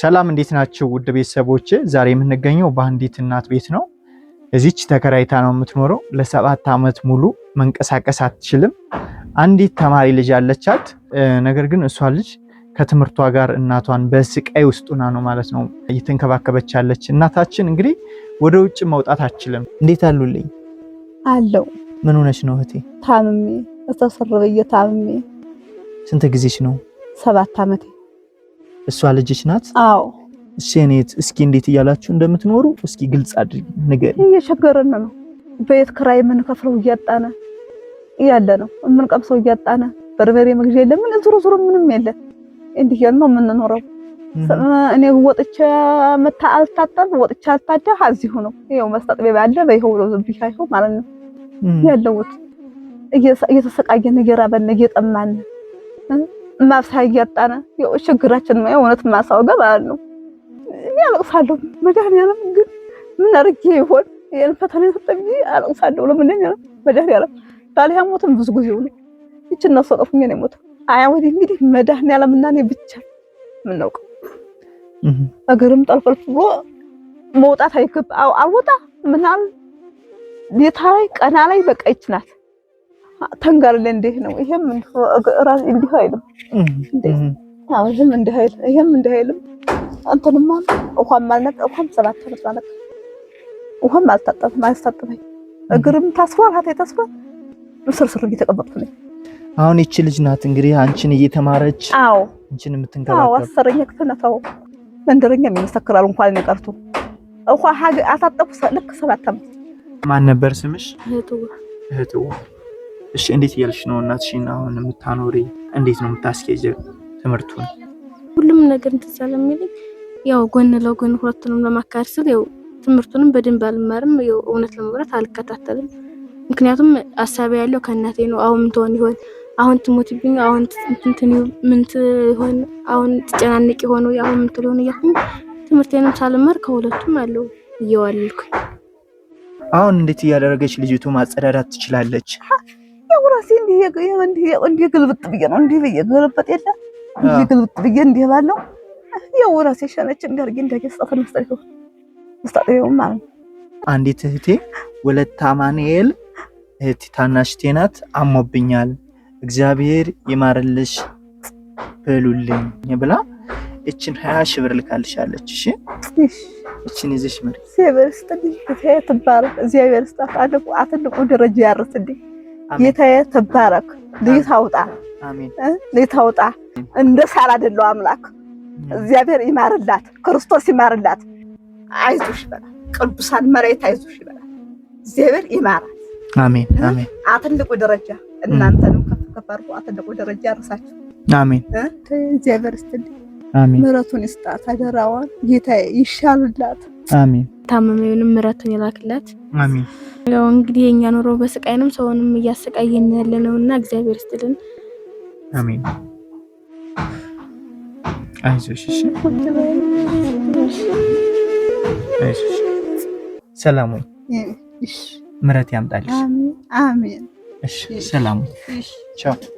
ሰላም እንዴት ናቸው ውድ ቤተሰቦች? ዛሬ የምንገኘው በአንዲት እናት ቤት ነው። እዚች ተከራይታ ነው የምትኖረው። ለሰባት ዓመት ሙሉ መንቀሳቀስ አትችልም። አንዲት ተማሪ ልጅ ያለቻት፣ ነገር ግን እሷ ልጅ ከትምህርቷ ጋር እናቷን በስቃይ ውስጡና ነው ማለት ነው እየተንከባከበች ያለች። እናታችን እንግዲህ ወደ ውጭ መውጣት አትችልም። እንዴት አሉልኝ? አለው ምን ሆነች ነው እህቴ? ታምሜ እስተስር ብዬ ታምሜ። ስንት ጊዜሽ ነው? ሰባት ዓመቴ። እሷ ልጅሽ ናት? አዎ። እሺ እስኪ እንዴት እያላችሁ እንደምትኖሩ እስኪ ግልጽ አድርጊ ንገሪ። እየቸገረን ነው። በቤት ክራይ የምንከፍለው እያጣነ እያለ ነው። የምንቀምሰው እያጣነ በርበሬ መግዣ የለም። ምን ዙሮ ዙሮ ምንም የለ እንዲህ እያልን ነው የምንኖረው። እኔ ወጥቼ መታ አልታጠብ ወጥቼ አልታደህ እዚሁ ነው። ይኸው መስታጠቢያ አለ በይኸው ብሎ ዝም ብዬሽ ማለት ነው ያለሁት እየተሰቃየን እየራበን እየጠማን ማብሰያ እያጣን ችግራችን ነው የእውነት ማሳወገብ አለው። እኔ አለቅሳለሁ። መድኃኒዓለም ግን ምን አድርጌ ይሆን ይህን ፈተና የሰጠኝ? አለቅሳለሁ። ለምንድነው መድኃኒዓለም ባሌ ሞትም ብዙ ጊዜው ነው ይችን ነፍሰ ወጠፉኝ ነው የሞተው። አያ ወዲህ እንግዲህ መድኃኒዓለም እና እኔ ብቻ የምናውቀው እግርም ጠልፈልፍ ብሎ መውጣት አይገባ አልወጣ ምናል ሌታ ላይ ቀና ላይ በቃ ይችናል ተንጋር እንዴት ነው ይሄም እንዲህ አይልም፣ ይሄም እንዲህ አይልም፣ ይሄም እንዲህ አይልም። እንትንማ ውሃም ማለት ውሃም ሰባት ዓመት ማለት ውሃም አልታጠብም አያስታጥበኝ እግርም ታስቧል፣ ሀቴ ታስቧል። ስርስር እየተቀመጥኩ ነኝ። አሁን ይቺ ልጅ ናት እንግዲህ አንቺን እየተማረች አዎ፣ አንቺን የምትንከባከብ አዎ። አስረኛ ክፍል ናት። አዎ፣ መንደረኛም ይመሰክራሉ። እንኳን እኔ ቀርቶ ውሃ አታጠብኩ ልክ ሰባት ዓመት። ማን ነበር ስምሽ? እህትዋ እህትዋ እሺ እንዴት እያልሽ ነው እናትሽን አሁን የምታኖሪ? እንዴት ነው የምታስኬጀ ትምህርቱን? ሁሉም ነገር እንትሳለ የሚለኝ ያው ጎን ለጎን ሁለቱንም ለማካሄድ ስል ያው ትምህርቱንም በደንብ አልማርም፣ ያው እውነት ለመብራት አልከታተልም። ምክንያቱም አሳቢ ያለው ከእናቴ ነው። አሁን ምትሆን ይሆን? አሁን ትሞትብኝ፣ አሁን እንትን ምን ትሆን፣ አሁን ትጨናንቅ የሆነ አሁን ምን ትሆን ትምህርቴንም ሳልማር ከሁለቱም አለው እየዋልኩኝ አሁን እንዴት እያደረገች ልጅቱ ማጸዳዳት ትችላለች። ራሴ እንዲህ ግልብጥ ብዬ ነው እንዲህ ብዬ ግልብጥ የለ እንዲህ ግልብጥ ብዬ እንዲህ ባለው ያው ራሴ ሸነች እንዲያርጌ እንዳገስጠፈን ስጠ ስጣጠው ማለት ነው። አንዲት እህቴ ወለተ አማኑኤል እህቴ ታናሽ እህቴ ናት። አሞብኛል እግዚአብሔር ይማርልሽ በሉልኝ ብላ እችን ሀያ ሺህ ብር ልካልሻለች። እሺ እችን ይዘሽ ምር እግዚአብሔር ይስጥልኝ። እግዚአብሔር ይስጥልኝ። እግዚአብሔር ይስጥልኝ። አትልቁ ደረጃ ያርስልኝ ጌታዬ ትባረክ። ልዩ ታውጣ ልዩ እንደ ሳል አይደለው አምላክ እግዚአብሔር ይማርላት፣ ክርስቶስ ይማርላት። አይዞሽ ይበላል፣ ቅዱሳን መሬት አይዞሽ ይበላል። እግዚአብሔር ይማራል። አሜን አሜን። አትልቁ ደረጃ እናንተንም ከፍ ከፍ አድርጎ አትልቁ ደረጃ ያርሳችሁ። አሜን። እግዚአብሔር ይስጥልኝ፣ ምሕረቱን ይስጣት። አደራዋን ጌታዬ ይሻልላት። አሜን። ታመመውንም ምሕረቱን ይላክላት። አሜን። ያው እንግዲህ የኛ ኑሮ በስቃይንም ሰውንም እያሰቃየን ያለ ነው እና እግዚአብሔር ይስጥልን። አሜን። አይዞሽ፣ እሺ፣ አይዞሽ። ሰላም ያምጣልሽ። አሜን። እሺ፣ ሰላም። ቻው